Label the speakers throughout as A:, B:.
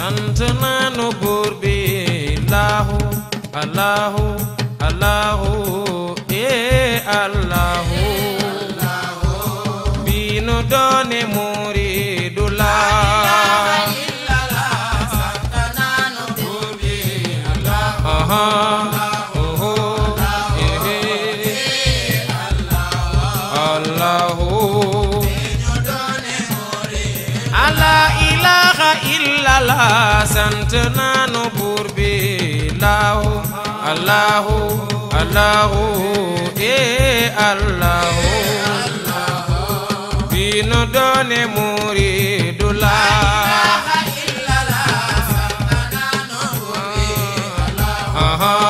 A: sant nañu buur bi allahu sant nañu buur bi allahu allahu ee allahu bi nu doone muriidu Allahu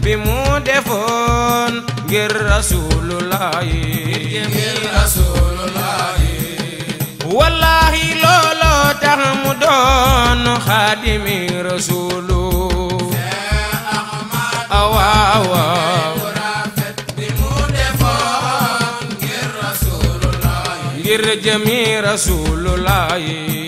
A: bi mu defoon ngir rasulullah ngir rasulullah wallahi tax mu doon xaadimi rasuulu awaawaaw ngir jëmi rasuulullaahi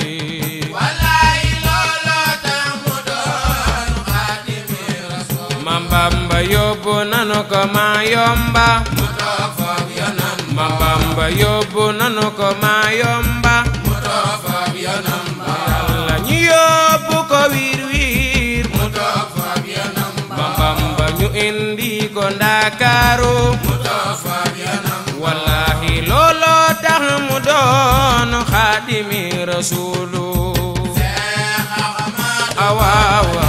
A: Mambamba yóbbu nanu ko Mayomba. Mambamba yóbbu nanu ko Mayomba. indi ko ndakaaru mu toofaak yanam wallahi looloo tax mu doon xaadimi rasuulu awaawa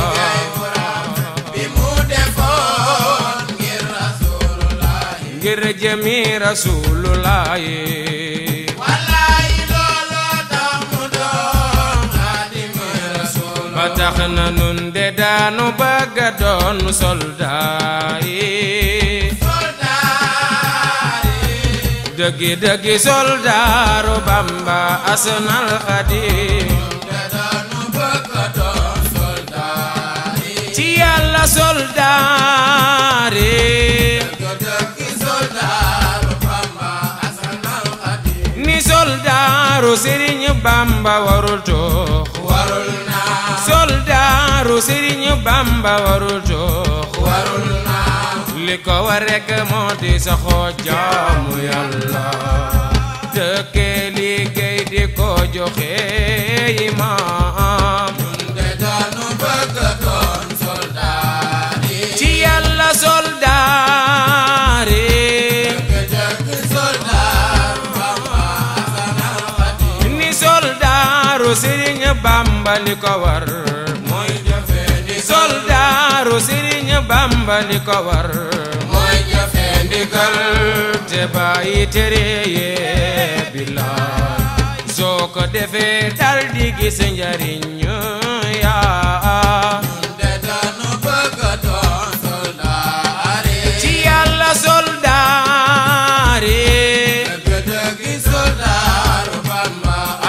A: ngir jëmi rasuulu laayi yàgga doon soldaar yi dëggi dëggi soldaaru Bamba Asnal Xadim ci yàlla soldaar yi ni soldaaru Sëriñ Bamba warul toox soldaaru Sëriñ Bamba warul jox warul naaw li ko war rekk moo di saxoo jaamu yàlla dëkkee liggéey di ko joxe imaam soldaaru Sëriñ Bamba ko war soldaaru Sëriñ Bamba li ko war mooy jafe te bàyyi tere yee billaay soo ko defee tar di gis njariñ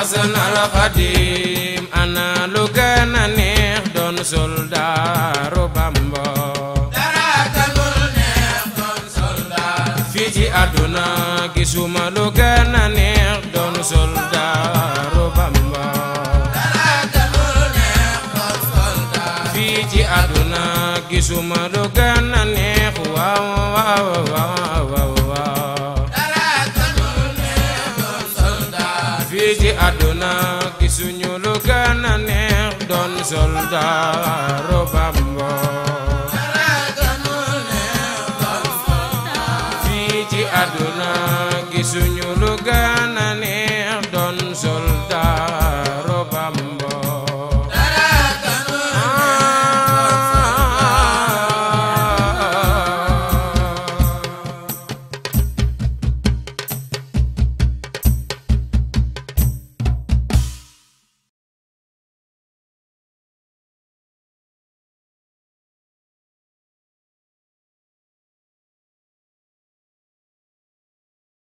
A: Axsanal Xaadim ana dara tanul neex doon soldaar fii ci gisuma lu gën a neex soldaar fii soldaaru Bamba fii ci àdduna gisuñu lu gën a neex doon